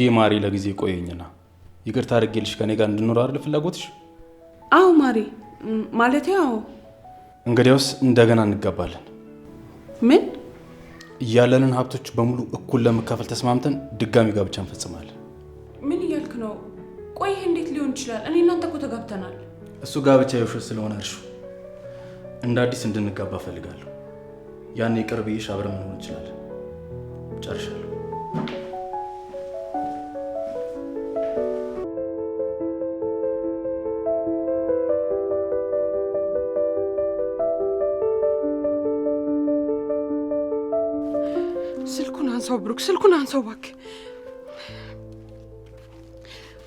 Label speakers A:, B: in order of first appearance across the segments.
A: ውዴ ማሪ ለጊዜ ቆየኝና ይቅርታ አድርጌልሽ ከኔ ጋር እንድኖር አይደል ፍላጎትሽ?
B: አዎ ማሪ፣ ማለት ያው
A: እንግዲያውስ እንደገና እንገባለን። ምን እያለንን ሀብቶች በሙሉ እኩል ለመካፈል ተስማምተን ድጋሚ ጋብቻ እንፈጽማለን።
B: ምን እያልክ ነው? ቆይ እንዴት ሊሆን ይችላል? እኔ እናንተ እኮ ተጋብተናል።
A: እሱ ጋብቻ የውሸት ስለሆነ እርሹ እንደ አዲስ እንድንጋባ እፈልጋለሁ። ያኔ ቅርብ ይሽ አብረን መሆን
C: እንችላለን። ጨርሻለሁ።
B: ስልኩን አንሳው ብሩክ፣ ስልኩን አንሳው ባክ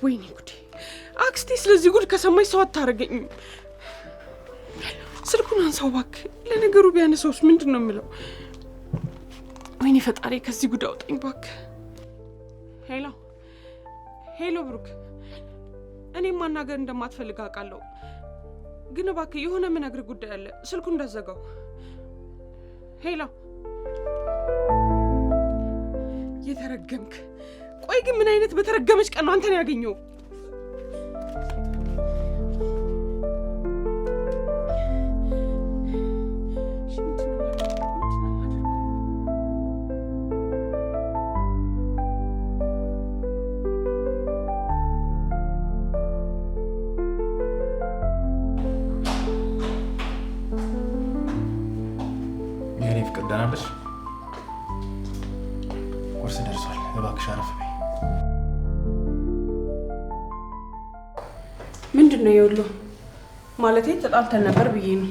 B: ወይኔ ጉዴ! አክስቴ ስለዚህ ጉድ ከሰማች ሰው አታረገኝም። ስልኩን አንሳው ባክ ለነገሩ ቢያነሳውስ ምንድን ነው የምለው? ወይኔ ፈጣሪ፣ ከዚህ ጉድ አውጣኝ እባክህ። ሄሎ ሄሎ፣ ብሩክ፣ እኔም ማናገር እንደማትፈልግ አውቃለሁ፣ ግን እባክህ የሆነ ምነግርህ ጉዳይ አለ። ስልኩን እንዳዘጋው። ሄሎ የተረገምክ። ቆይ ግን ምን አይነት በተረገመች ቀን ነው አንተን ያገኘው? የወሎ ማለቴ ተጣልተን ነበር ብዬ ነው።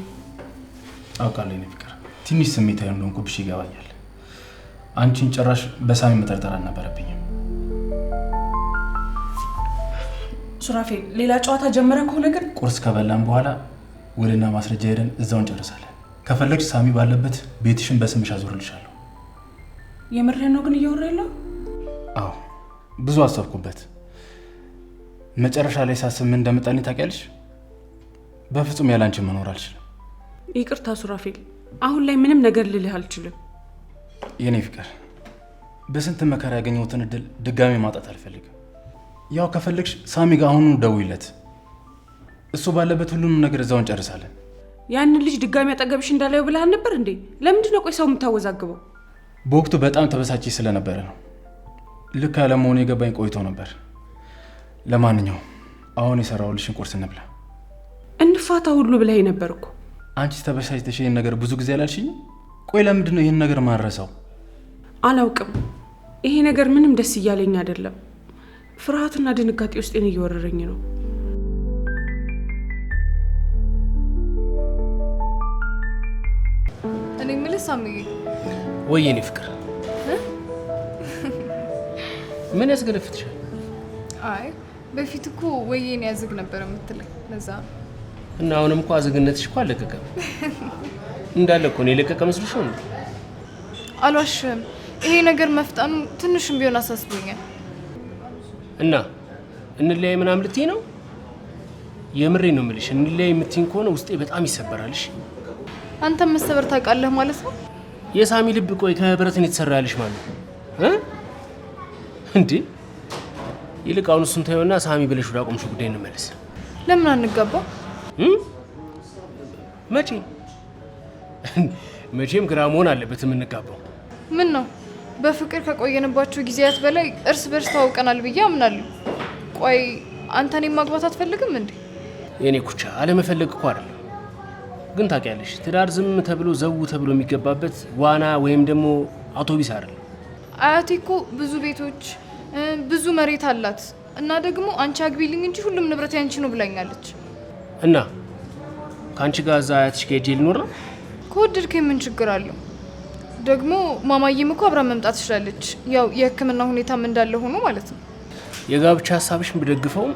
A: አውቃለሁ የእኔ ፍቅር፣ ትንሽ ስሜታዊ እንደሆንኩብሽ ይገባኛል። አንቺን ጭራሽ በሳሚ መጠርጠር አልነበረብኝም።
B: ሱራፌል፣ ሌላ ጨዋታ ጀመረ ከሆነ ግን
A: ቁርስ ከበላን በኋላ ወደና ማስረጃ ሄደን እዛው እንጨርሳለን። ከፈለግሽ ሳሚ ባለበት ቤትሽን በስምሽ አዞርልሻለሁ።
B: የምርህን ነው ግን እያወራ ያለው?
A: አዎ ብዙ አሰብኩበት። መጨረሻ ላይ ሳስብ ምን እንደመጣልኝ ታውቂያለሽ? በፍጹም ያላንቺ መኖር አልችልም።
B: ይቅርታ ሱራፌል፣ አሁን ላይ ምንም ነገር ልልህ አልችልም።
A: የኔ ፍቅር፣ በስንት መከራ ያገኘሁትን እድል ድጋሚ ማጣት አልፈልግም። ያው ከፈልግሽ ሳሚ ጋር አሁኑ ደውይለት፣ እሱ ባለበት ሁሉንም ነገር እዛው እንጨርሳለን።
B: ያንን ልጅ ድጋሚ አጠገብሽ እንዳላየው ብለህ አልነበር እንዴ? ለምንድን ነው ቆይ ሰው የምታወዛግበው?
A: በወቅቱ በጣም ተበሳጭ ስለነበረ ነው። ልክ አለመሆኑ የገባኝ ቆይቶ ነበር። ለማንኛውም አሁን የሰራሁልሽን ቁርስ እንብላ።
B: እንፋታ ሁሉ ብለህ ነበር እኮ
A: አንቺ ተበሳጭተሽ ይህን ነገር ብዙ ጊዜ አላልሽኝ? ቆይ ለምንድን ነው ይህን ነገር ማረሰው?
B: አላውቅም። ይሄ ነገር ምንም ደስ እያለኝ አይደለም። ፍርሃትና ድንጋጤ ውስጤን እየወረረኝ ነው።
D: እኔ የምልህ ሳምዬ፣
E: ወይ የኔ ፍቅር፣ ምን ያስገለፍትሻል?
D: አይ በፊት እኮ ወይኔ ያዝግ ነበር የምትለኝ ለዛ
E: እና አሁንም እኮ አዝግነትሽ እኮ አልለቀቀም እንዳለ እኮ ነው የለቀቀ መስሎሽ ነው።
D: አልዋሽም፣ ይሄ ነገር መፍጠኑ ትንሽም ቢሆን አሳስቦኛል።
E: እና እንለያይ ምናምን ልትይ ነው? የምሬ ነው የምልሽ። እንለያይ የምትይኝ ከሆነ ውስጤ በጣም ይሰበራልሽ።
D: አንተ መሰበር ታውቃለህ ማለት ነው።
E: የሳሚ ልብ ቆይ ከብረት ነው የተሰራ ያለሽ ማለት ነው እንዴ? ይልቅ አሁን እሱን ተይውና ሳሚ ብለሽ ወደ አቆምሽ ጉዳይ እንመለስ።
D: ለምን አንገባ?
E: መቼ መቼም ግራ መሆን አለበት የምንጋባው።
D: ምን ነው በፍቅር ከቆየንባቸው ጊዜያት በላይ እርስ በርስ ታውቀናል ብዬ አምናለሁ። ቆይ አንተ እኔን ማግባት አትፈልግም እንዴ?
E: የኔ ኩቻ አለመፈለግ እኮ አይደለም። ግን ታውቂያለሽ ትዳር ዝም ተብሎ ዘው ተብሎ የሚገባበት ዋና ወይም ደግሞ አውቶቢስ አይደለም።
D: አያቴ እኮ ብዙ ቤቶች ብዙ መሬት አላት እና ደግሞ አንቺ አግቢልኝ እንጂ ሁሉም ንብረት ያንቺ ነው ብላኛለች።
E: እና ከአንቺ ጋር እዛ አያትሽ ከጄ ልኖር ነው
D: ከወደድክ ምን ችግር አለው? ደግሞ ማማዬም እኮ አብራ መምጣት ትችላለች። ያው የሕክምና ሁኔታም እንዳለ ሆኖ ማለት ነው።
E: የጋብቻ ሀሳብሽን ብደግፈውም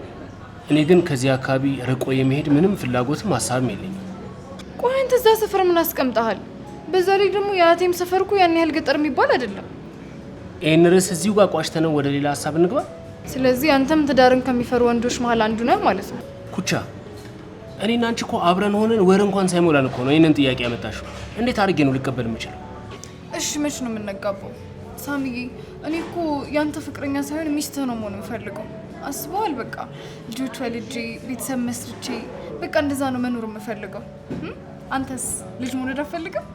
E: እኔ ግን ከዚህ አካባቢ ርቆ የመሄድ ምንም ፍላጎትም ሀሳብም የለኝም።
D: ቆይ አንተ እዛ ሰፈር ምን አስቀምጠሃል? በዛ ላይ ደግሞ የአያቴም ሰፈር እኮ ያን ያህል ገጠር የሚባል አይደለም።
E: ይህን ርዕስ እዚሁ ጋር ቋጭተነው ወደ ሌላ ሀሳብ እንግባ።
D: ስለዚህ አንተም ትዳርን ከሚፈሩ ወንዶች መሀል አንዱ ነህ ማለት ነው።
E: ኩቻ እኔና አንቺ እኮ አብረን ሆነን ወር እንኳን ሳይሞላን እኮ ነው ይህንን ጥያቄ ያመጣሽው። እንዴት አድርጌ ነው ልቀበል የምችለው?
D: እሺ መች ነው የምንጋባው? ሳሚዬ እኔ እኮ ያንተ ፍቅረኛ ሳይሆን ሚስትህ ነው መሆን የምፈልገው። አስበዋል። በቃ ልጆች ወልጄ ቤተሰብ መስርቼ በቃ እንደዛ ነው መኖር የምፈልገው። አንተስ ልጅ መውለድ አትፈልግም?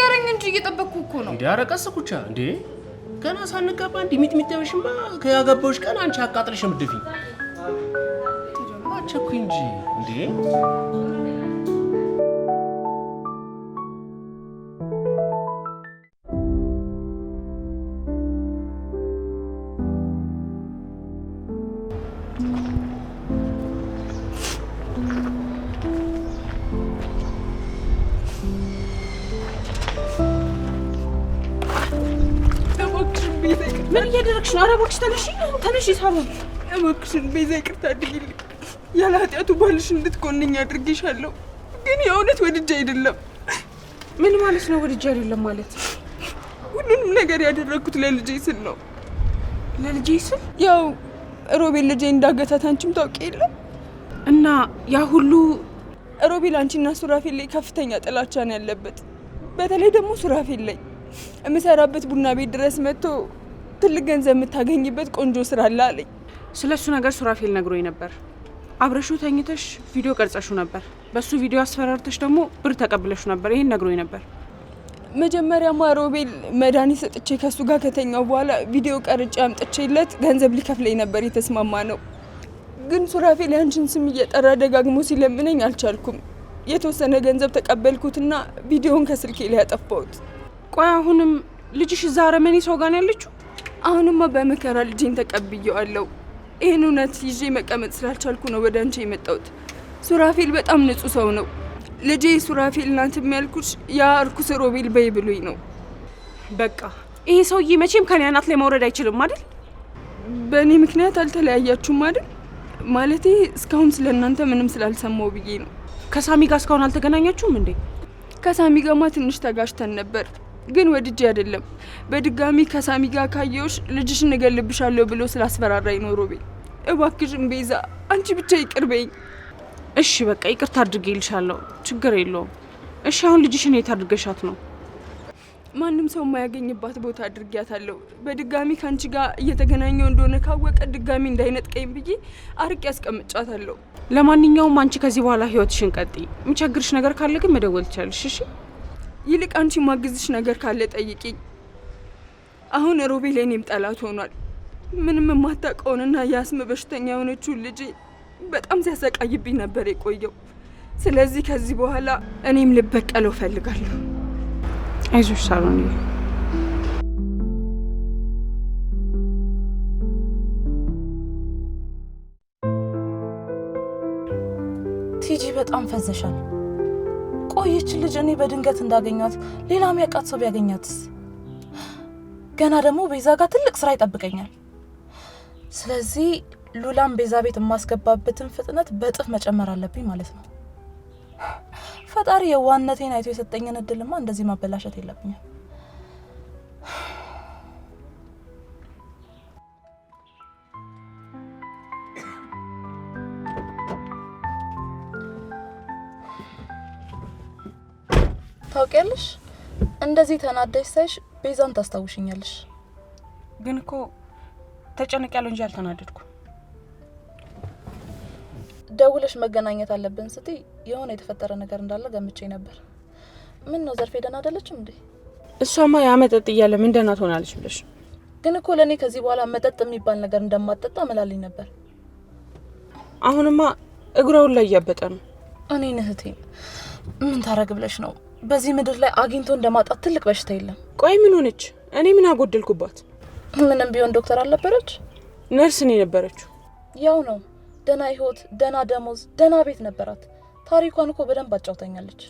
D: ንገረኝ እንጂ እየጠበቅኩ እኮ ነው። እንዴ
E: አረቀስ ኩቻ እንዴ
D: ገና ሳንጋባ እንዲ ሚጥሚጠበሽማ
E: ከያገባሁሽ ቀን አንቺ አቃጥለሽ ምድፊ አቸኩ እንጂ እንዴ
C: ተነሽ፣ ተነሽ ሳሮን፣ እባክሽን ቤዛ ይቅርታ አድርጊልኝ። ያለ ኃጢአቱ ባልሽ እንድትኮንኝ አድርጌሻለሁ፣ ግን የእውነት ወድጄ አይደለም። ምን ማለት ነው? ወድጄ አይደለም ማለት ሁሉንም ነገር ያደረግኩት ለልጄ ስል ነው። ለልጄ ስል? ያው ሮቤል ልጄ እንዳገታት አንቺም ታውቂ የለም እና ያ ሁሉ ሮቤል አንቺና ሱራፌል ላይ ከፍተኛ ጥላቻ ነው ያለበት። በተለይ ደግሞ ሱራፌል ላይ የምሰራበት ቡና ቤት ድረስ መጥቶ ትልቅ ገንዘብ የምታገኝበት ቆንጆ ስራ አለ አለኝ። ስለ እሱ ነገር ሱራፌል ነግሮኝ ነበር። አብረሹ ተኝተሽ ቪዲዮ ቀርጸሹ
B: ነበር። በእሱ ቪዲዮ አስፈራርተሽ ደግሞ ብር ተቀብለሹ ነበር። ይሄን ነግሮኝ ነበር።
C: መጀመሪያ ማሮቤል መድኃኒት ሰጥቼ ከእሱ ጋር ከተኛው በኋላ ቪዲዮ ቀርጬ አምጥቼለት ገንዘብ ሊከፍለኝ ነበር የተስማማ ነው። ግን ሱራፌል አንችን ስም እየጠራ ደጋግሞ ሲለምነኝ አልቻልኩም። የተወሰነ ገንዘብ ተቀበልኩትና ቪዲዮውን ከስልኬ ላይ ያጠፋሁት። ቆይ አሁንም ልጅሽ እዛ አረመኔ ሰው ጋር ነው ያለችው? አሁንማ በመከራ ልጄን ተቀብየዋለሁ። ይህን እውነት ይዤ መቀመጥ ስላልቻልኩ ነው ወደ አንቺ የመጣሁት። ሱራፌል በጣም ንጹህ ሰው ነው። ልጄ ሱራፌል ናት የሚያልኩሽ ያ እርኩስ ሮቤል በይ ብሎኝ ነው። በቃ ይሄ ሰውዬ መቼም ከኔ አናት ላይ መውረድ አይችልም አይደል? በእኔ ምክንያት አልተለያያችሁም አይደል? ማለቴ እስካሁን ስለ እናንተ ምንም ስላልሰማው ብዬ ነው። ከሳሚ ጋር እስካሁን አልተገናኛችሁም እንዴ? ከሳሚ ጋማ ትንሽ ተጋጭተን ነበር ግን ወድጄ አይደለም። በድጋሚ ከሳሚ ጋር ካየሁሽ ልጅሽን እንገልብሻለሁ ብሎ ስላስፈራራኝ ነው። ቤ እባክሽን ቤዛ፣ አንቺ ብቻ ይቅር በይኝ። እሺ በቃ
B: ይቅርታ ይልሻለሁ። ችግር የለውም። እሺ አሁን ልጅሽን የት አድርገሻት ነው?
C: ማንም ሰው የማያገኝባት ቦታ አድርጊያታለሁ። በድጋሚ ከአንቺ ጋር እየተገናኘው እንደሆነ ካወቀ ድጋሚ እንዳይነጥቀኝ ብዬ አርቄ ያስቀምጫታለሁ።
B: ለማንኛውም አንቺ ከዚህ በኋላ
C: ህይወትሽን ቀጥይ። የሚቸግርሽ ነገር ካለ ግን መደወል ትችያለሽ። እሺ ይልቅ አንቺ ማግዝሽ ነገር ካለ ጠይቂኝ። አሁን ሮቤ ለእኔም ጠላት ሆኗል። ምንም የማታውቀውንና የአስም በሽተኛ የሆነችውን ልጅ በጣም ሲያሰቃይብኝ ነበር የቆየው። ስለዚህ ከዚህ በኋላ እኔም ልበቀለው እፈልጋለሁ።
B: አይዞሽ ሳሎን። ቲጂ
F: በጣም ፈዘሻል። ቆይችን ልጅ እኔ በድንገት እንዳገኛት ሌላ የሚያውቃት ሰው ቢያገኛትስ? ገና ደግሞ ቤዛ ጋር ትልቅ ስራ ይጠብቀኛል። ስለዚህ ሉላም ቤዛ ቤት የማስገባበትን ፍጥነት በእጥፍ መጨመር አለብኝ ማለት ነው። ፈጣሪ የዋነቴን አይቶ የሰጠኝን እድልማ እንደዚህ ማበላሸት የለብኛል። ታውቂያለሽ? እንደዚህ ተናደሽ ሳይሽ ቤዛን ታስታውሽኛለሽ። ግን እኮ
B: ያለው እንጂ አልተናደድኩ።
F: ደውለሽ መገናኘት አለብን ስትይ የሆነ የተፈጠረ ነገር እንዳለ ገምቼ ነበር። ምን ነው ዘርፌ ደህና አይደለችም እንዴ?
B: እሷማ ያ መጠጥ እያለ ምን ደህና ትሆናለች ብለሽ።
F: ግን እኮ ለእኔ ከዚህ በኋላ መጠጥ የሚባል ነገር እንደማጠጣ መላልኝ ነበር።
B: አሁንማ እግረውን ላይ እያበጠ ነው። እኔ
F: እህቴን ምን ታረግ ብለሽ ነው በዚህ ምድር ላይ አግኝቶ እንደማጣት ትልቅ በሽታ
B: የለም። ቆይ ምን ሆነች? እኔ ምን አጎደልኩባት? ምንም ቢሆን ዶክተር አልነበረች ነርስ ነው የነበረችው።
F: ያው ነው። ደና ህይወት፣ ደና ደሞዝ፣ ደና ቤት ነበራት። ታሪኳን እኮ በደንብ አጫውተኛለች።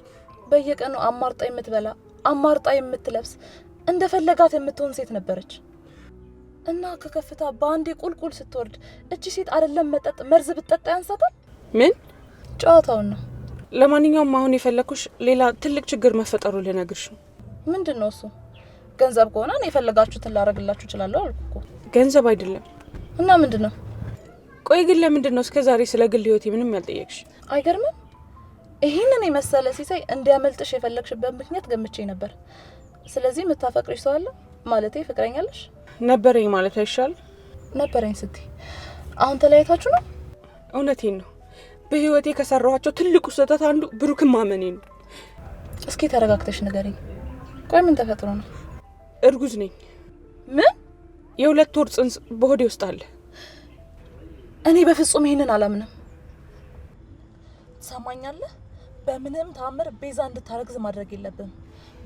F: በየቀኑ አማርጣ የምትበላ አማርጣ የምትለብስ እንደፈለጋት የምትሆን ሴት ነበረች። እና ከከፍታ በአንዴ ቁልቁል ስትወርድ እቺ ሴት አይደለም መጠጥ መርዝ ብትጠጣ ያንሳታል።
B: ምን ጨዋታውን ነው ለማንኛውም አሁን የፈለግኩሽ ሌላ ትልቅ ችግር መፈጠሩ ልነግርሽ ነው። ምንድን ነው እሱ? ገንዘብ ከሆነ እኔ የፈለጋችሁትን ላደርግላችሁ እችላለሁ አልኩ እኮ። ገንዘብ አይደለም እና ምንድን ነው? ቆይ ግን ለምንድን ነው እስከ ዛሬ ስለ ግል ህይወቴ ምንም ያልጠየቅሽ?
F: አይገርምም። ይህንን የመሰለ ሲሳይ እንዲያመልጥሽ የፈለግሽበት ምክንያት ገምቼ ነበር። ስለዚህ የምታፈቅሪሽ ሰው አለ ማለቴ ፍቅረኛለሽ?
B: ነበረኝ ማለት አይሻል? ነበረኝ ስትይ አሁን ተለያይታችሁ ነው? እውነቴን ነው በህይወቴ ከሰራኋቸው ትልቁ ስህተት አንዱ ብሩክን ማመኔ ነው።
F: እስኪ ተረጋግተሽ ንገሪኝ። ቆይ ምን ተፈጥሮ
B: ነው? እርጉዝ ነኝ። ምን? የሁለት ወር ጽንስ በሆዴ ውስጥ አለ። እኔ በፍጹም ይሄንን አላምንም።
F: ትሰማኛለህ? በምንም ታምር ቤዛ እንድታረግዝ ማድረግ የለብም።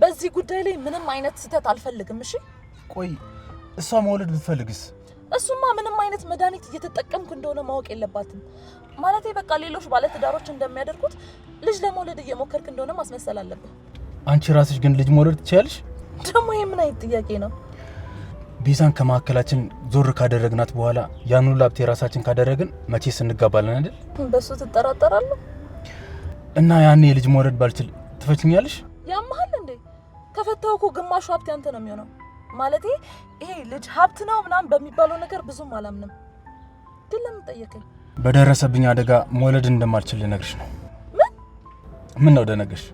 F: በዚህ ጉዳይ ላይ ምንም አይነት ስህተት አልፈልግም። እሺ? ቆይ
A: እሷ መውለድ ብትፈልግስ?
F: እሱማ ምንም አይነት መድኃኒት እየተጠቀምኩ እንደሆነ ማወቅ የለባትም። ማለቴ በቃ ሌሎች ባለትዳሮች እንደሚያደርጉት ልጅ ለመውለድ እየሞከርክ እንደሆነ ማስመሰል አለብህ።
A: አንቺ ራስሽ ግን ልጅ መውለድ ትችያለሽ?
F: ደግሞ ይህ ምን አይነት ጥያቄ ነው?
A: ቤዛን ከመካከላችን ዞር ካደረግናት በኋላ ያኑ ላብቴ የራሳችን ካደረግን መቼስ እንጋባለን አይደል?
F: በእሱ ትጠራጠራለህ?
A: እና ያኔ የልጅ መውለድ ባልችል ትፈችኛለሽ?
F: ያመሃል እንዴ? ከፈታው እኮ ግማሹ ሀብት ያንተ ነው የሚሆነው። ማለት ይሄ ልጅ ሀብት ነው ምናምን በሚባለው ነገር ብዙም አላምንም። ግን ለምን ጠየቀኝ?
A: በደረሰብኝ አደጋ መውለድ እንደማልችል ልነግርሽ ነው። ምን ምን ነው ደነገሽ?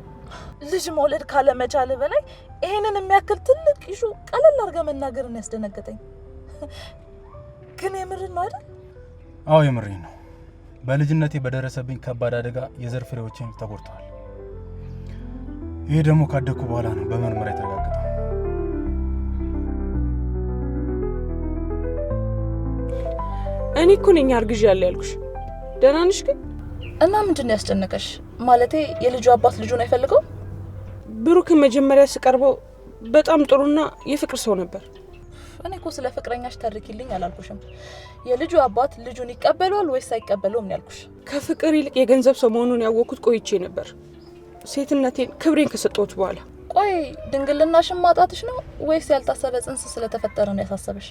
F: ልጅ መውለድ ካለመቻል በላይ ይሄንን የሚያክል ትልቅ ይሹ ቀለል አድርገ መናገርን ያስደነገጠኝ። ግን የምርን ነው አይደል?
A: አዎ የምሬን ነው። በልጅነቴ በደረሰብኝ ከባድ አደጋ የዘር ፍሬዎችን ተጎድተዋል። ይሄ ደግሞ ካደግኩ በኋላ ነው በምርመራ የተረጋገጠ
B: እኔ እኮ ነኝ ያለ ያልኩሽ። ደህና ነሽ ግን? እና ምንድን ነው ያስጨነቀሽ? ማለቴ የልጁ አባት ልጁን አይፈልገው? ብሩክን መጀመሪያ ስቀርበው በጣም ጥሩና የፍቅር ሰው ነበር።
F: እኔ እኮ ስለ ፍቅረኛሽ ተርኪልኝ አላልኩሽም። የልጁ አባት ልጁን ይቀበለዋል ወይስ አይቀበለውም ነው ያልኩሽ።
B: ከፍቅር ይልቅ የገንዘብ ሰው መሆኑን ያወቅኩት ቆይቼ ነበር፣ ሴትነቴን ክብሬን ከሰጠሁት በኋላ።
F: ቆይ ድንግልናሽን
B: ማጣትሽ ነው ወይስ ያልታሰበ ጽንስ ስለተፈጠረ ነው ያሳሰበሽ?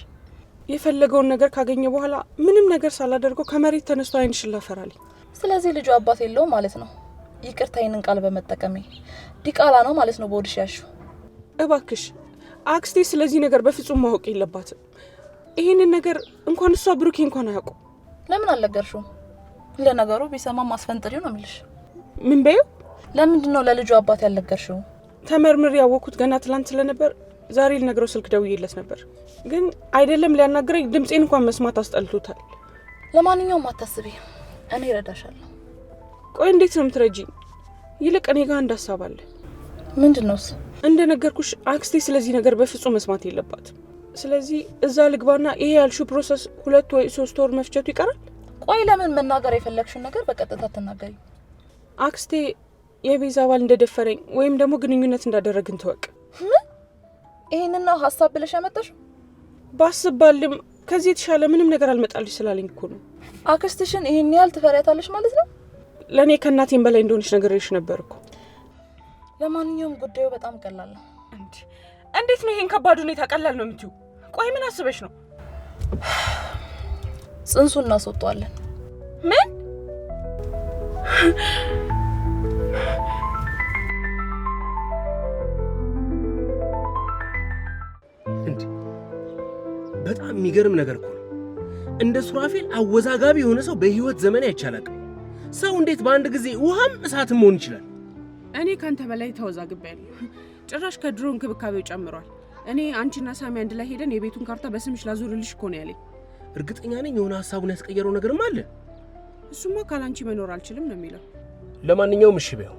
B: የፈለገውን ነገር ካገኘ በኋላ ምንም ነገር ሳላደርገው ከመሬት ተነስቶ አይንሽ ላፈራል። ስለዚህ ልጁ አባት የለውም ማለት ነው።
F: ይቅርታ ይህንን ቃል በመጠቀሜ ዲቃላ ነው ማለት ነው በወድሽ ያሹ። እባክሽ
B: አክስቴ ስለዚህ ነገር በፍጹም ማወቅ የለባትም። ይህንን ነገር እንኳን እሷ ብሩኬ እንኳን አያውቁ። ለምን አልነገርሽውም? ለነገሩ ቢሰማ ማስፈንጥሪው ነው የሚልሽ። ምን በይው። ለምንድን ነው ለልጁ አባት ያልነገርሽው? ተመርምር ያወቅኩት ገና ትላንት ስለነበር ዛሬ ልነግረው ስልክ ደውዬለት ነበር፣ ግን አይደለም ሊያናግረኝ፣ ድምፄን እንኳን መስማት አስጠልቶታል። ለማንኛውም አታስቢ፣ እኔ እረዳሻለሁ። ቆይ እንዴት ነው የምትረጂኝ? ይልቅ እኔ ጋር አንድ ምንድን አለ። ምንድን ነው? አክስቴ ስለዚህ ነገር በፍጹም መስማት የለባትም። ስለዚህ እዛ ልግባና ይሄ ያልሹ ፕሮሰስ ሁለት ወይ ሶስት ወር መፍጀቱ ይቀራል።
F: ቆይ ለምን መናገር የፈለግሽን ነገር በቀጥታ ትናገሪ?
B: አክስቴ የቤዛ አባል እንደደፈረኝ ወይም ደግሞ ግንኙነት እንዳደረግን ትወቅ ይሄንን ነው ሀሳብ ብለሽ ያመጣሽው? ባስባልም ከዚህ የተሻለ ምንም ነገር አልመጣልሽ ስላለኝ እኮ ነው።
F: አክስትሽን ይሄን ያህል ትፈሪያታለሽ ማለት ነው?
B: ለእኔ ከእናቴም በላይ እንደሆነች ነገርሽ ነበር እኮ። ለማንኛውም ጉዳዩ በጣም ቀላል ነው። እንዴት ነው ይሄን ከባድ ሁኔታ ቀላል ነው የምትዩ? ቆይ ምን አስበሽ ነው?
F: ጽንሱ እናስወጣዋለን።
B: ምን
E: የሚገርም ነገር እኮ ነው። እንደ ሱራፌል አወዛጋቢ የሆነ ሰው በህይወት ዘመን አይቻላል። ሰው እንዴት በአንድ ጊዜ ውሃም እሳትም
B: መሆን ይችላል? እኔ ከአንተ በላይ ተወዛግቤያለሁ። ጭራሽ ከድሮ እንክብካቤው ጨምሯል። እኔ አንቺና ሳሚ አንድ ላይ ሄደን የቤቱን ካርታ በስምሽ ላዙርልሽ እኮ ነው ያለኝ። እርግጠኛ
E: ነኝ የሆነ ሀሳቡን ያስቀየረው ነገርም አለ።
B: እሱማ ካላንቺ መኖር አልችልም ነው የሚለው።
E: ለማንኛውም እሺ በይው።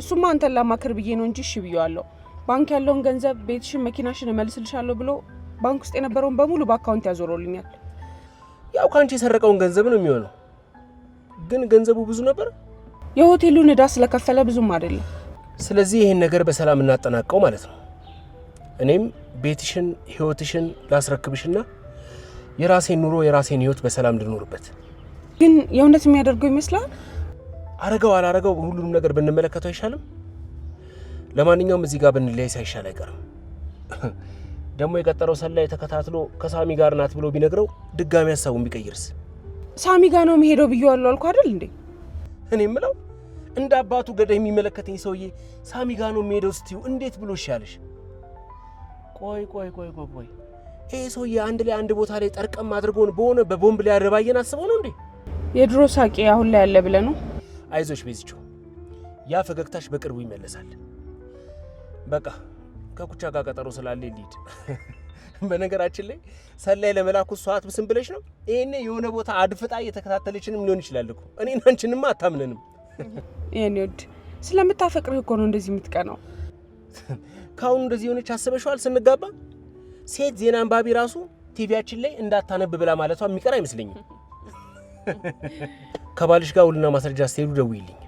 B: እሱማ አንተን ላማክር ብዬ ነው እንጂ እሺ ብዬዋለሁ። ባንክ ያለውን ገንዘብ፣ ቤትሽን፣ መኪናሽን እመልስልሻለሁ ብሎ ባንክ ውስጥ የነበረውን በሙሉ በአካውንት ያዞረውልኛል።
E: ያው ከአንቺ የሰረቀውን ገንዘብ ነው የሚሆነው።
B: ግን ገንዘቡ ብዙ ነበር። የሆቴሉን ዕዳ ስለከፈለ ብዙም አይደለም።
E: ስለዚህ ይሄን ነገር በሰላም እናጠናቀው ማለት ነው። እኔም ቤትሽን፣ ህይወትሽን ላስረክብሽና የራሴን ኑሮ የራሴን ህይወት በሰላም እንድኖርበት። ግን የእውነት የሚያደርገው ይመስላል። አረገው አላረገው ሁሉንም ነገር ብንመለከተው አይሻልም? ለማንኛውም እዚህ ጋር ብንለያይ ሳይሻል አይቀርም። ደግሞ የቀጠረው ሰላይ ተከታትሎ ከሳሚ ጋር ናት ብሎ ቢነግረው ድጋሚ ሀሳቡን ቢቀይርስ?
B: ሳሚ ጋር ነው የሚሄደው ብዬዋለሁ አልኩ አይደል እንዴ? እኔ የምለው
E: እንደ አባቱ ገዳ የሚመለከተኝ ሰውዬ ሳሚ ጋር ነው የሚሄደው ስትዩ እንዴት ብሎ ይሻለሽ? ቆይ ቆይ ቆይ ቆይ ቆይ ይሄ ሰውዬ አንድ ላይ አንድ ቦታ ላይ ጠርቀም አድርጎን በሆነ
B: በቦምብ ላይ ያደባየን አስበው ነው እንዴ? የድሮ ሳቄ አሁን ላይ ያለ ብለ ነው። አይዞሽ ቤዝቾ፣
E: ያ ፈገግታሽ በቅርቡ ይመለሳል። በቃ ከኩቻ ጋር ቀጠሮ ስላለ ሊድ በነገራችን ላይ ሰላይ ለመላኩ ሰዓት ብስም ብለሽ ነው። ይሄኔ የሆነ ቦታ አድፍጣ እየተከታተለችንም ሊሆን ይችላል እኮ እኔን አንቺንማ አታምነንም።
B: የኔ ውድ ስለምታፈቅርህ እኮ ነው እንደዚህ የምትቀናው።
E: ከአሁኑ እንደዚህ የሆነች አስበሽዋል? ስንጋባ ሴት ዜና አንባቢ ራሱ ቲቪያችን ላይ እንዳታነብ ብላ ማለቷ የሚቀር አይመስለኝም። ከባልሽ ጋር ውልና ማስረጃ ስትሄዱ ደውይልኝ።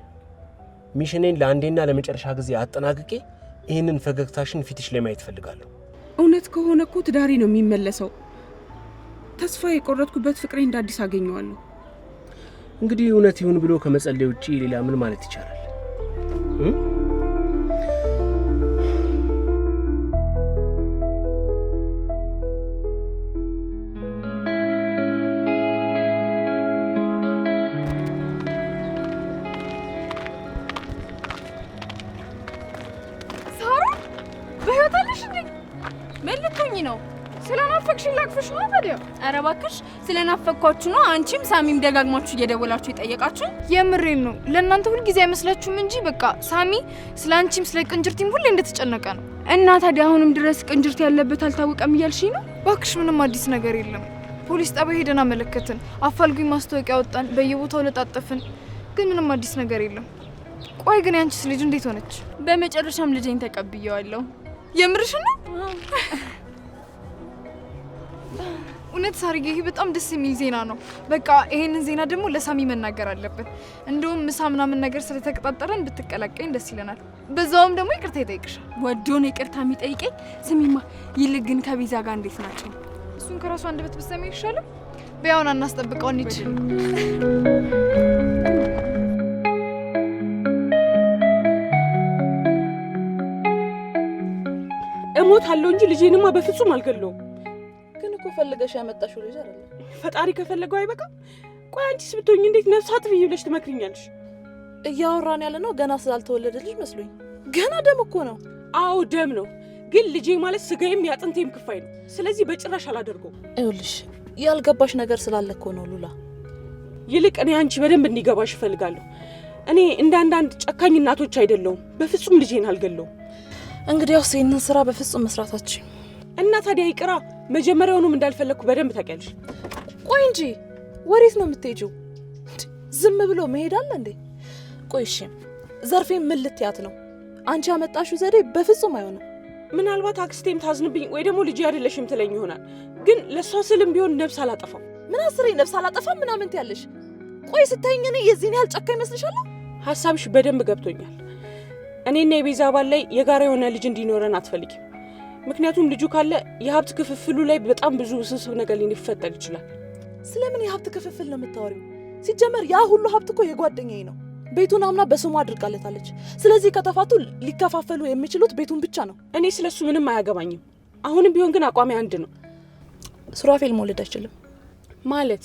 E: ሚሽኔን ለአንዴና ለመጨረሻ ጊዜ አጠናቅቄ ይህንን ፈገግታሽን ፊትሽ ላይ ማየት ፈልጋለሁ።
B: እውነት ከሆነ እኮ ትዳሬ ነው የሚመለሰው። ተስፋ የቆረጥኩበት ፍቅሬ እንዳዲስ አገኘዋለሁ።
E: እንግዲህ እውነት ይሁን ብሎ ከመጸለይ ውጭ ሌላ ምን ማለት ይቻላል?
C: ኧረ እባክሽ ስለናፈኳችሁ
D: ነው። አንቺም ሳሚም ደጋግማችሁ እየደወላችሁ የጠየቃችሁ የምሬን ነው። ለእናንተ ሁልጊዜ አይመስላችሁም እንጂ በቃ ሳሚ ስለ አንቺም ስለ ቅንጅርቲም ሁሌ እንደተጨነቀ ነው። እና ታዲያ አሁንም ድረስ ቅንጅርት ያለበት አልታወቀም እያልሽ ነው? እባክሽ ምንም አዲስ ነገር የለም። ፖሊስ ጣቢያ ሄደን አመለከትን፣ አፋልጉኝ ማስታወቂያ ወጣን፣ በየቦታው ለጣጠፍን፣ ግን ምንም አዲስ ነገር የለም። ቆይ ግን ያንቺስ ልጅ እንዴት ሆነች? በመጨረሻም ልጄን ተቀብየዋለሁ። የምርሽ ነው? እውነት ሳርዬ፣ ይሄ በጣም ደስ የሚል ዜና ነው። በቃ ይሄንን ዜና ደግሞ ለሳሚ መናገር አለብን። እንደውም ምሳ ምናምን ነገር ስለተቀጣጠረን ብትቀላቀኝ ደስ ይለናል። በዛውም ደግሞ ይቅርታ ይጠይቅሻል። ወዶን ይቅርታ የሚጠይቀኝ ስሚማ፣ ይልቅ ግን ከቤዛ ጋር እንዴት ናቸው? እሱን ከራሱ አንድ በት ብሰሚ ይሻልም። በያውን አናስጠብቀው እንጂ እሞት
B: አለው እንጂ ልጄንማ በፍጹም አልገለውም።
F: እኮ ፈልገሽ ያመጣሽው ልጅ አይደለም።
B: ፈጣሪ ከፈለገው አይበቃም። ቆይ አንቺስ ብትሆኝ እንዴት ነፍሳት ብዬ ብለሽ ትመክሪኛለሽ? እያወራን ያለ ነው ገና ስላልተወለደ ልጅ መስሎኝ። ገና ደም እኮ ነው። አዎ ደም ነው፣ ግን ልጄ ማለት ስጋዬም ያጥንቴም ክፋይ ነው። ስለዚህ በጭራሽ አላደርገው። ይኸውልሽ ያልገባሽ ነገር ስላለ እኮ ነው ሉላ። ይልቅ እኔ አንቺ በደንብ እንዲገባሽ እፈልጋለሁ። እኔ እንደ አንዳንድ ጨካኝ እናቶች አይደለሁም። በፍጹም ልጄን አልገለውም። እንግዲያውስ ይህንን ስራ በፍጹም መስራታችን እና ታዲያ ይቅራ። መጀመሪያውኑም እንዳልፈለግኩ በደንብ ታውቂያለሽ። ቆይ እንጂ ወዴት ነው የምትሄጂው? ዝም ብሎ መሄድ አለ እንዴ? ቆይ እሺ፣ ዘርፌ ምን ልትያት ነው? አንቺ ያመጣሽው ዘዴ በፍጹም አይሆንም። ምናልባት አክስቴም ታዝንብኝ ወይ ደግሞ ልጅ አይደለሽም ትለኝ ይሆናል። ግን ለእሷ ስልም ቢሆን ነብስ አላጠፋም። ምን አስሬ ነብስ አላጠፋም ምናምን ትያለሽ? ቆይ ስታይኝ እኔ የዚህን ያህል ጨካ ይመስልሻል? ሀሳብሽ በደንብ ገብቶኛል። እኔና የቤዛ ባል ላይ የጋራ የሆነ ልጅ እንዲኖረን አትፈልጊም። ምክንያቱም ልጁ ካለ የሀብት ክፍፍሉ ላይ በጣም ብዙ ውስብስብ ነገር ሊፈጠር ይችላል። ስለምን
F: የሀብት ክፍፍል ነው የምታወሪው? ሲጀመር ያ ሁሉ ሀብት እኮ የጓደኛዬ ነው። ቤቱን አምና በስሙ
B: አድርጋለታለች። ስለዚህ ከጠፋቱ ሊከፋፈሉ የሚችሉት ቤቱን ብቻ ነው። እኔ ስለሱ ምንም አያገባኝም። አሁንም ቢሆን ግን አቋሚ አንድ ነው። ሱራፌል መውለድ አይችልም ማለት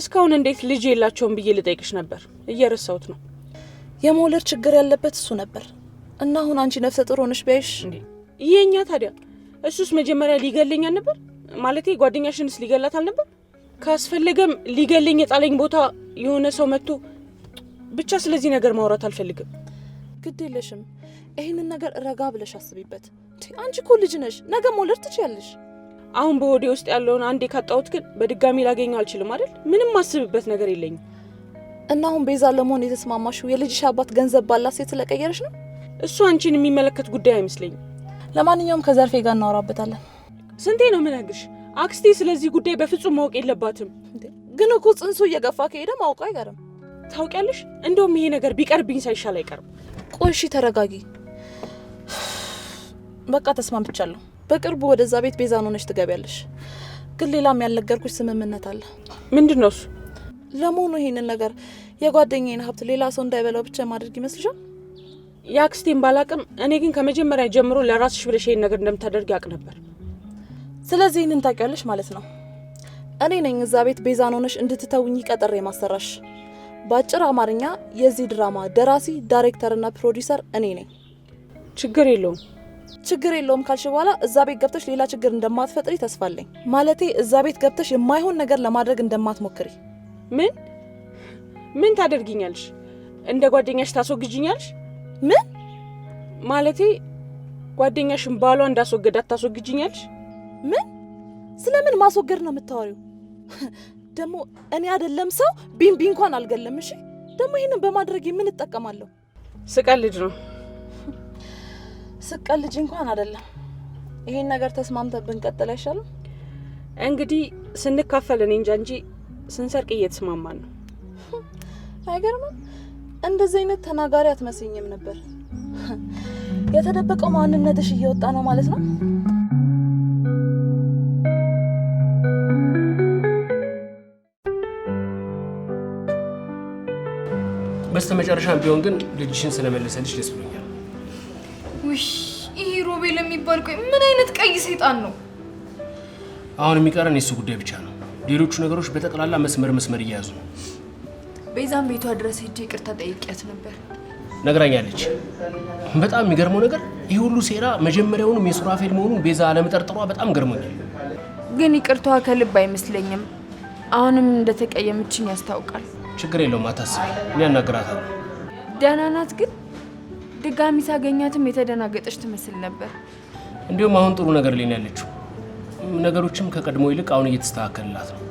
B: እስካሁን እንዴት ልጅ የላቸውም ብዬ ልጠይቅሽ ነበር። እየረሳሁት ነው። የመውለድ ችግር ያለበት እሱ ነበር እና
F: አሁን አንቺ ነፍሰ ጥሩ ሆነሽ ቢያይሽ ይሄኛ
B: ታዲያ እሱስ መጀመሪያ ሊገለኝ አልነበር? ማለቴ ጓደኛሽንስ ሊገላት አልነበር? ካስፈለገም ሊገለኝ የጣለኝ ቦታ የሆነ ሰው መጥቶ ብቻ። ስለዚህ ነገር ማውራት አልፈልግም።
F: ግድ የለሽም። ይህንን ነገር ረጋ ብለሽ አስቢበት።
B: አንቺ እኮ ልጅ ነሽ፣ ነገ መውለድ ትችያለሽ። አሁን በሆዴ ውስጥ ያለውን አንዴ ካጣሁት ግን በድጋሚ ላገኘው አልችልም አይደል? ምንም ማስብበት ነገር የለኝም።
F: እና አሁን ቤዛ ለመሆን የተስማማሽው
B: የልጅሽ አባት ገንዘብ ባላት ሴት ስለቀየረሽ ነው? እሱ አንቺን የሚመለከት ጉዳይ አይመስለኝም። ለማንኛውም ከዘርፌ ጋር እናወራበታለን። ስንቴ ነው ምነግርሽ አክስቴ ስለዚህ ጉዳይ በፍጹም ማወቅ የለባትም። ግን እኮ ጽንሱ እየገፋ ከሄደ ማወቁ አይቀርም። ታውቂያለሽ፣ እንደውም ይሄ ነገር ቢቀርብኝ ሳይሻል አይቀርም።
F: ቆሺ ተረጋጊ። በቃ ተስማምቻለሁ። በቅርቡ ወደዛ ቤት ቤዛን ሆነሽ ትገቢያለሽ። ግን ሌላም ያልነገርኩሽ ስምምነት አለ። ምንድን ነው እሱ? ለመሆኑ ይህንን ነገር የጓደኛዬን ሀብት ሌላ ሰው እንዳይበላው
B: ብቻ ማድረግ ይመስልሻል? የአክስቴን ባላቅም፣ እኔ ግን ከመጀመሪያ ጀምሮ ለራስሽ ብለሽ ነገር እንደምታደርግ ያውቅ ነበር። ስለዚህ ይህንን ታውቂያለሽ ማለት ነው። እኔ ነኝ
F: እዛ ቤት ቤዛን ሆነሽ እንድትተውኝ ቀጠሬ የማሰራሽ በአጭር አማርኛ የዚህ ድራማ ደራሲ ዳይሬክተርና ፕሮዲሰር እኔ ነኝ። ችግር የለውም ችግር የለውም ካልሽ በኋላ እዛ ቤት ገብተሽ ሌላ ችግር እንደማትፈጥሪ ተስፋለኝ ማለቴ እዛ ቤት ገብተሽ የማይሆን ነገር
B: ለማድረግ እንደማትሞክሪ። ምን ምን ታደርጊኛለሽ? እንደ ጓደኛሽ ታስወግጅኛለሽ? ምን ማለቴ? ጓደኛሽን ባሏ እንዳስወገዳት ታስወግጅኛለሽ? ምን
F: ስለምን ማስወገድ ነው የምታወሪው? ደግሞ እኔ አይደለም ሰው ቢንቢ እንኳን አልገለም። እሺ ደግሞ ይህንን በማድረግ ምን እጠቀማለሁ? ስቀልድ ነው። ስቀልጅ እንኳን አይደለም።
B: ይህን ነገር ተስማምተን ብንቀጥል አይሻልም? እንግዲህ ስንካፈል እኔ እንጃ እንጂ ስንሰርቅ እየተስማማን ነው። አይገርምም? እንደዚህ
F: አይነት ተናጋሪ አትመስኝም ነበር። የተደበቀው ማንነትሽ እየወጣ ነው ማለት ነው።
E: በስተ መጨረሻ ቢሆን ግን ልጅሽን ስለመለሰልሽ ደስ ብሎኛል።
D: ውይ ይህ ሮቤል የሚባል ቆይ ምን አይነት ቀይ ሰይጣን ነው?
E: አሁን የሚቀረን የሱ ጉዳይ ብቻ ነው። ሌሎቹ ነገሮች በጠቅላላ መስመር መስመር እየያዙ ነው።
D: ቤዛም ቤቷ ድረስ ሄጄ ይቅርታ ጠይቂያት
C: ነበር።
E: ነግራኛለች። በጣም የሚገርመው ነገር ይህ ሁሉ ሴራ መጀመሪያውንም የሱራፌል መሆኑን ቤዛ አለመጠርጠሯ በጣም ገርሞኛል።
C: ግን ይቅርቷ ከልብ አይመስለኝም። አሁንም እንደተቀየምችኝ ያስታውቃል።
E: ችግር የለውም አታስብ፣ እኔ አናግራታለሁ።
C: ደህና ናት፣ ግን ድጋሚ ሳገኛትም የተደናገጠች ትመስል ነበር።
E: እንዲሁም አሁን ጥሩ ነገር ላይ ያለችው። ነገሮችም ከቀድሞ ይልቅ አሁን እየተስተካከልላት ነው።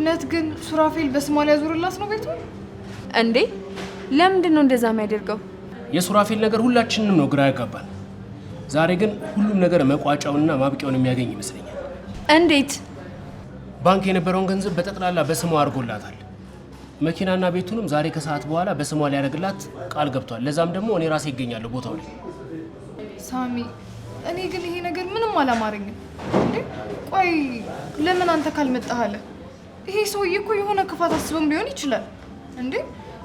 D: እውነት ግን ሱራፌል በስሟ ሊያዞርላት ነው ቤቱ እንዴ? ለምንድን ነው እንደዛ የሚያደርገው?
E: የሱራፌል ነገር ሁላችንም ነው ግራ ያጋባል። ዛሬ ግን ሁሉም ነገር መቋጫውንና ማብቂያውን የሚያገኝ ይመስለኛል። እንዴት? ባንክ የነበረውን ገንዘብ በጠቅላላ በስሟ አድርጎላታል። መኪናና ቤቱንም ዛሬ ከሰዓት በኋላ በስሟ ሊያደርግላት ቃል ገብቷል። ለዛም ደግሞ እኔ ራሴ ይገኛለሁ ቦታው ላይ።
D: ሳሚ፣ እኔ ግን ይሄ ነገር ምንም አላማረኝም። ቆይ ለምን አንተ ካልመጣህ አለ ይሄ ሰውዬ እኮ የሆነ ክፋት አስበም ሊሆን ይችላል። እንዴ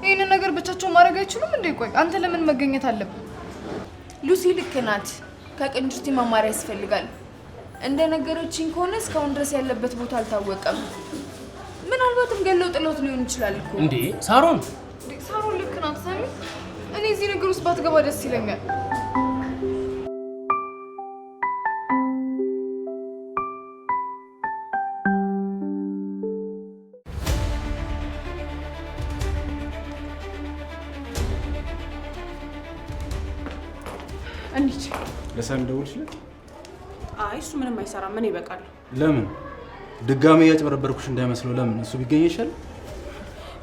D: ይህንን ነገር ብቻቸው ማድረግ አይችሉም እንዴ? ቆይ አንተ ለምን መገኘት አለብን? ሉሲ ልክ ናት። ከቅንጅቲ መማር ያስፈልጋል። እንደ ነገረችኝ ከሆነ እስካሁን ድረስ ያለበት ቦታ አልታወቀም። ምናልባትም ገለው ጥሎት ሊሆን ይችላል እኮ።
E: እንዴ ሳሮን፣
D: ሳሮን ልክ ናት። ሳሚ እኔ እዚህ ነገር ውስጥ ባትገባ ደስ ይለኛል።
A: ሳልደውልሽለት?
B: አይ እሱ ምንም አይሰራም። ምን ይበቃል።
A: ለምን ድጋሚ እያጭበረበርኩሽ እንዳይመስለው። ለምን እሱ ቢገኝ ይሻል።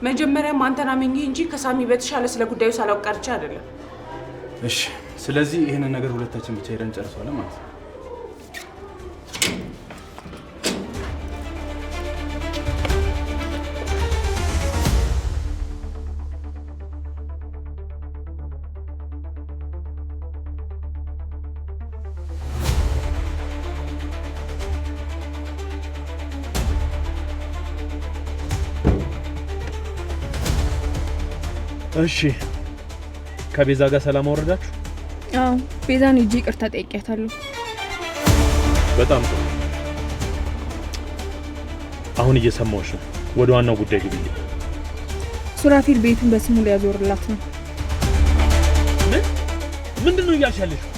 B: መጀመሪያም አንተን አምኜ እንጂ ከሳሚ በተሻለ ስለ ጉዳዩ ሳላውቅ ቀርቼ አይደለም።
A: እሺ፣ ስለዚህ ይህንን ነገር ሁለታችን ብቻ ሄደን ጨርሰዋል ማለት ነው። እሺ ከቤዛ ጋር ሰላም አወረዳችሁ?
C: አዎ ቤዛን እጅ ይቅርታ ጠይቂያታለሁ።
A: በጣም ጥሩ። አሁን እየሰማሁሽ
C: ነው። ወደ ዋናው ጉዳይ ግብ። ሱራፊል ቤቱን በስሙ ሊያዞርላት ነው።
E: ምን ምንድን ነው እያልሽ ያለሽው?